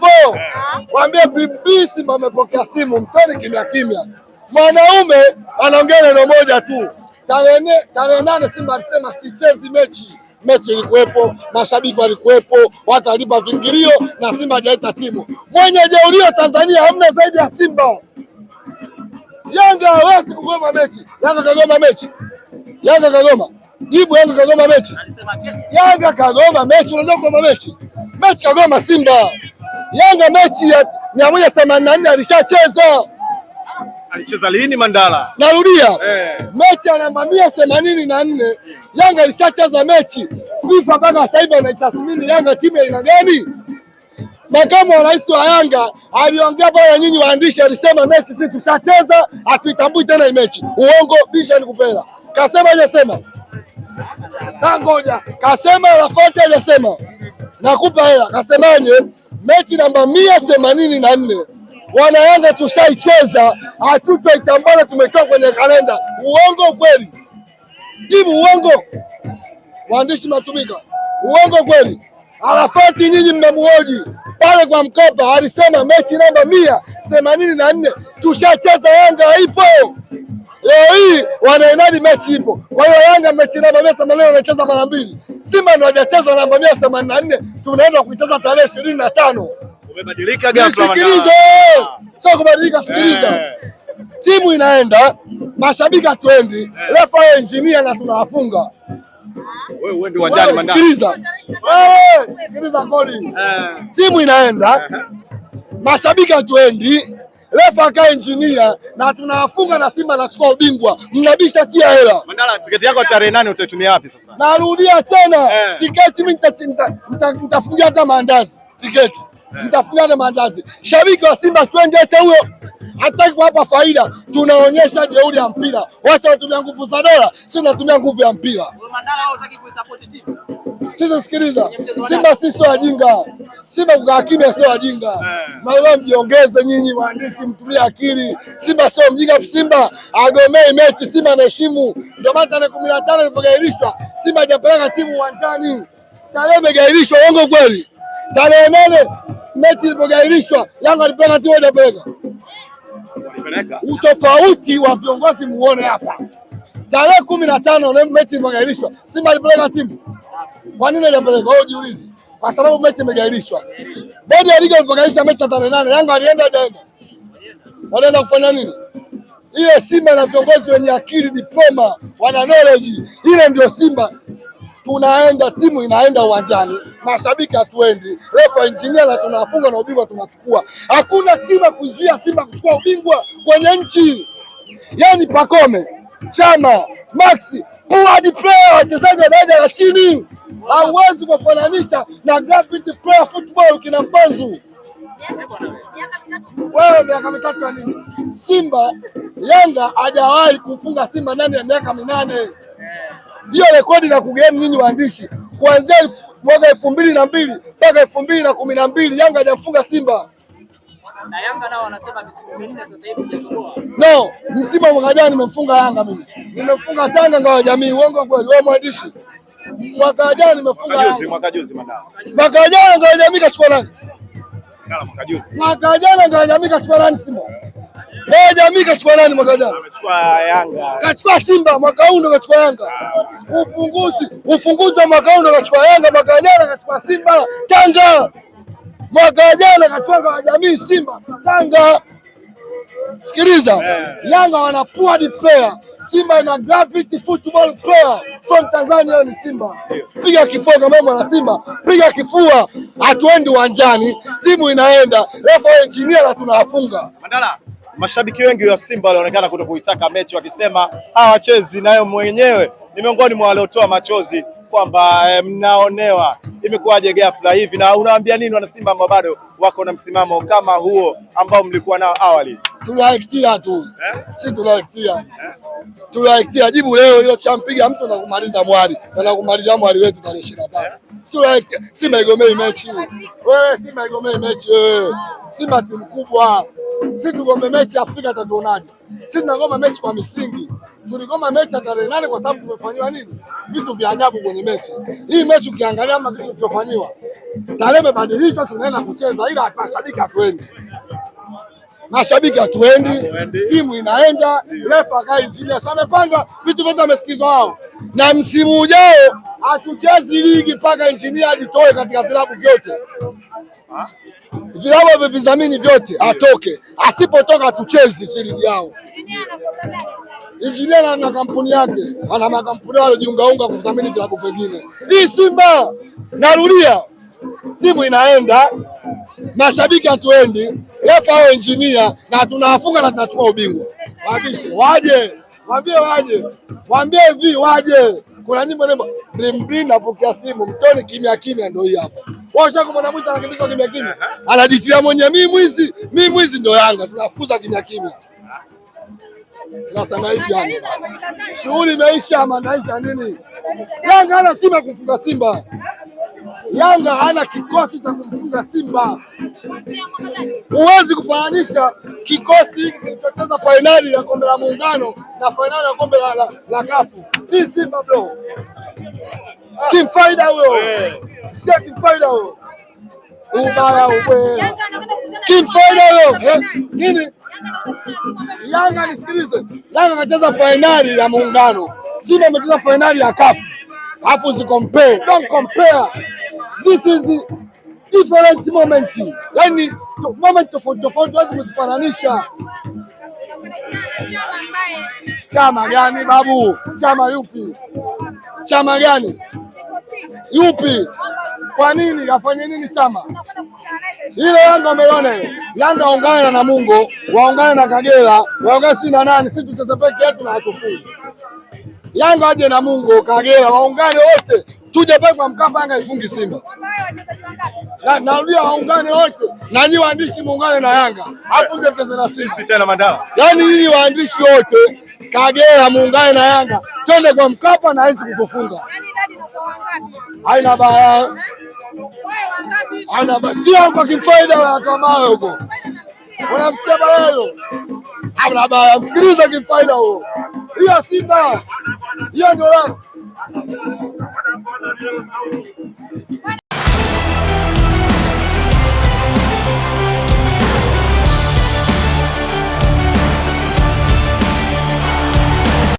Beautiful, mwambie bibi Simba amepokea simu, mtoni kimya kimya. Mwanaume anaongea neno moja tu, tarehe nane Simba alisema sichezi mechi. Mechi ilikuwepo, mashabiki walikuwepo, watu walipa vingilio na Simba hajaita timu. Mwenye jeulio Tanzania hamna zaidi ya Simba. Yanga hawezi kugoma mechi. Yanga kagoma mechi, Yanga kagoma jibu, Yanga kagoma mechi, Yanga kagoma mechi. Unajua kugoma mechi, mechi kagoma Simba. Yanga mechi ya mia moja themanini na nne alishacheza. Alicheza lini Mandala? Narudia eh, Mechi ya namba mia themanini na nne Yanga alishacheza mechi. FIFA mpaka sasa hivi anaitathmini Yanga timu ya aina gani? Makamu wa rais wa Yanga aliongea pale, nyinyi waandishi, alisema mechi sisi tushacheza, hatuitambui tena hii mechi. Uongo bisha kupela. Kasema hajasema na ngoja, kasema Lafati hajasema, nakupa hela. Kasemaje? mechi namba mia themanini na nne wanayanga tushaicheza, hatutoitambana, tumekaa kwenye kalenda. Uongo kweli? Jibu uongo, waandishi mnatumika. Uongo kweli? Arafati nyinyi mnamuoji pale kwa Mkopa, alisema mechi namba mia themanini na nne tushacheza, Yanga ipo leo hii, wanaenadi mechi ipo. Kwa hiyo Yanga mechi namba mia themanini wanacheza mara mbili Simba ndio hajacheza namba mia themanini na nne tunaenda kuicheza tarehe ishirini na tano. Umebadilika ghafla. Sikiliza. Sio kubadilika, eh. sikiliza. Timu inaenda, mashabiki hatuendi, eh. refa yeye injinia na tunawafunga. Wewe uende uwanjani Sikiliza. Sikiliza kodi. Eh. Timu inaenda, mashabiki hatuendi refa kae injinia na tunawafunga na Simba anachukua ubingwa. Mnabisha tia hela. Mandala, tiketi yako tarehe nane utaitumia wapi sasa? Narudia tena eh, tiketi mimi nitafungia hata maandazi tiketi eh, nitafungia hata maandazi. Shabiki wa Simba twende hata huyo hataki kuwapa faida. Tunaonyesha jeuri ya mpira, wacha watumia nguvu za dola, si tunatumia nguvu ya mpira. Sisi sikiliza, Simba sisi sio wajinga. Simba kukaa kimya sio wajinga. Eh. Maana mjiongeze nyinyi waandishi, mtumie akili. Simba sio mjinga, Simba agomei mechi, Simba anaheshimu. Ndio maana tarehe kumi na tano ilipogairishwa Simba hajapeleka timu uwanjani, tarehe imegairishwa. Uongo kweli? Tarehe nane mechi ilipogairishwa Yanga alipeleka timu, hajapeleka. Utofauti wa viongozi muone hapa tarehe kumi na tano mechi imegairishwa. Simba alipeleka timu, kwa nini alipeleka? Wewe jiulize, kwa sababu mechi imegairishwa. Bodi ya ligi ilivyogarisha mechi ya tarehe nane, Yanga alienda hajaenda, Walienda kufanya nini? Ile Simba na viongozi wenye akili, diploma, wana knowledge, ile ndio Simba tunaenda timu inaenda uwanjani, mashabiki hatuendi, refa injinia na tunafunga na ubingwa tunachukua. Hakuna timu kuzuia Simba kuchukua ubingwa kwenye nchi, yani Pakome Chama, max poor player, wachezaji wanaenda na chini, hauwezi kufananisha na graphic player football. Kina mpanzu wewe, miaka mitatu ya nini? Simba Yanga hajawahi kufunga Simba ndani ya miaka minane. Hiyo rekodi na kugeni nyinyi waandishi, kuanzia mwaka elfu mbili na mbili mpaka elfu mbili na kumi na mbili Yanga hajamfunga Simba na Yanga nao wanasema sasa hivi No, msimu wa mwaka jana nimemfunga Yanga mimi, nimemfunga Tanga Ngao ya Jamii. Uongo kweli? Wewe mwandishi, mwaka jana nimefunga Yanga, mwaka juzi mwaka jana Ngao ya Jamii kachukua nani? Mwaka jana Ngao ya Jamii kachukua nani? Simba Ngao ya Jamii kachukua nani mwaka jana? Amechukua Yanga, kachukua Simba. Mwaka huu ndo kachukua Yanga. Ah. Ufunguzi ufunguzi wa mwaka huu ndo kachukua Yanga, mwaka jana kachukua Simba Tanga mwaka jana kachwanga wa jamii Simba Tanga. Sikiliza, eh. Yanga wana poor player, Simba ina gravity football player. So Mtanzania ni Simba, piga kifua kama mwana Simba, piga kifua. Hatuendi uwanjani, timu inaenda refa injinia na tunawafunga. Mandala, mashabiki wengi wa Simba walionekana kutokuitaka mechi wakisema ah, hawachezi, nayo mwenyewe ni miongoni mwa waliotoa machozi kwamba eh, mnaonewa, imekuwaje ghafla hivi, na unawaambia nini wanasimba ambao bado wako na msimamo kama huo ambao mlikuwa nao awali? Tuliwaitia tu eh? si tuliwaitia eh? tuliwaitia jibu leo ile, champiga mtu na kumaliza mwali na na kumaliza mwali wetu tarehe ishirini na tano eh? tuliwaitia. Simba igomei mechi wewe, Simba igomei mechi wewe, Simba timu kubwa, si tugombe mechi Afrika tatuonaje? si tunagoma mechi kwa misingi tulikoma mechi ya tarehe nane kwa sababu tumefanyiwa nini, vitu vya ajabu kwenye mechi hii. Mechi ukiangalia ama kitu kilichofanyiwa tarehe imebadilishwa, tunaenda kucheza, ila mashabiki hatuendi mashabiki hatuendi, timu inaenda, refa kai chini, amepanga vitu vyote, amesikizwa wao, na msimu ujao hatuchezi ligi mpaka injinia ajitoe katika vilabu vyote, vilabu vya vyote atoke. Asipotoka hatuchezi si ligi yao. Injinia na kampuni yake, ana makampuni waliojiungaunga kudhamini vilabu vingine. Hii Simba, narudia, timu inaenda, mashabiki hatuendi refa au engineer, na tunawafunga na tunachukua ubingwa. Wabishi waje, waambie waje, waambie hivi waje. Kuna nyimbo nembo blimblin, napokea simu mtoni, kimya kimya, ndio hii hapa. Wao Washako mwana mwizi anakimbiza kimya kimya, anajitia mwenye mimi mwizi, mimi mwizi, ndio Yanga tunafuza kimya kimya. Sasa na hivi shughuli imeisha, maandalizi ya nini? Yanga hana timu ya kumfunga Simba. Yanga hana kikosi cha kumfunga Simba. Huwezi kufananisha kikosi kilichocheza fainali ya kombe la muungano na fainali ya kombe la, la, la kafu. Hii Simba bro, kimfaida huyo eh. sio kimfaida huyo, ubaya ubwe, kimfaida huyo eh, nini? Yanga nisikilize, Yanga anacheza fainali ya muungano, Simba amecheza fainali ya kafu, afu zikompare. Don't compare. This is different moment, yani moment tofauti tofauti, lazima kuzifananisha. Chama gani babu? Chama yupi? Chama gani yupi? Kwa nini nini chama ile? Yanga ameiona ile Yanga, waungane na Namungo, waungane na Kagera, waungane si na nani, si tucheze peke yetu na hatufungi. Yanga aje Namungo, Kagera, waungane wote, tuje pale Mkapa, Yanga ifungi Simba na naambia waungane wote na nyinyi waandishi muungane na Yanga, alafu ndio mtacheza na sisi tena Mandala. Yaani nyinyi waandishi wote Kagera muungane na Yanga, twende kwa Mkapa na hizi kukufunga. Yaani Haina baya, eh? ana basikia huko kifaida watamawe huko, Wana unamsikia balayo, ana baya, msikiliza kifaida huko. hiyo Simba hiyo ndio la.